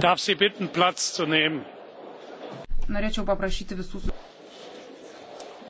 darf sie bitten platz zu nehmen. norėčiau paprašyti visų susėsti.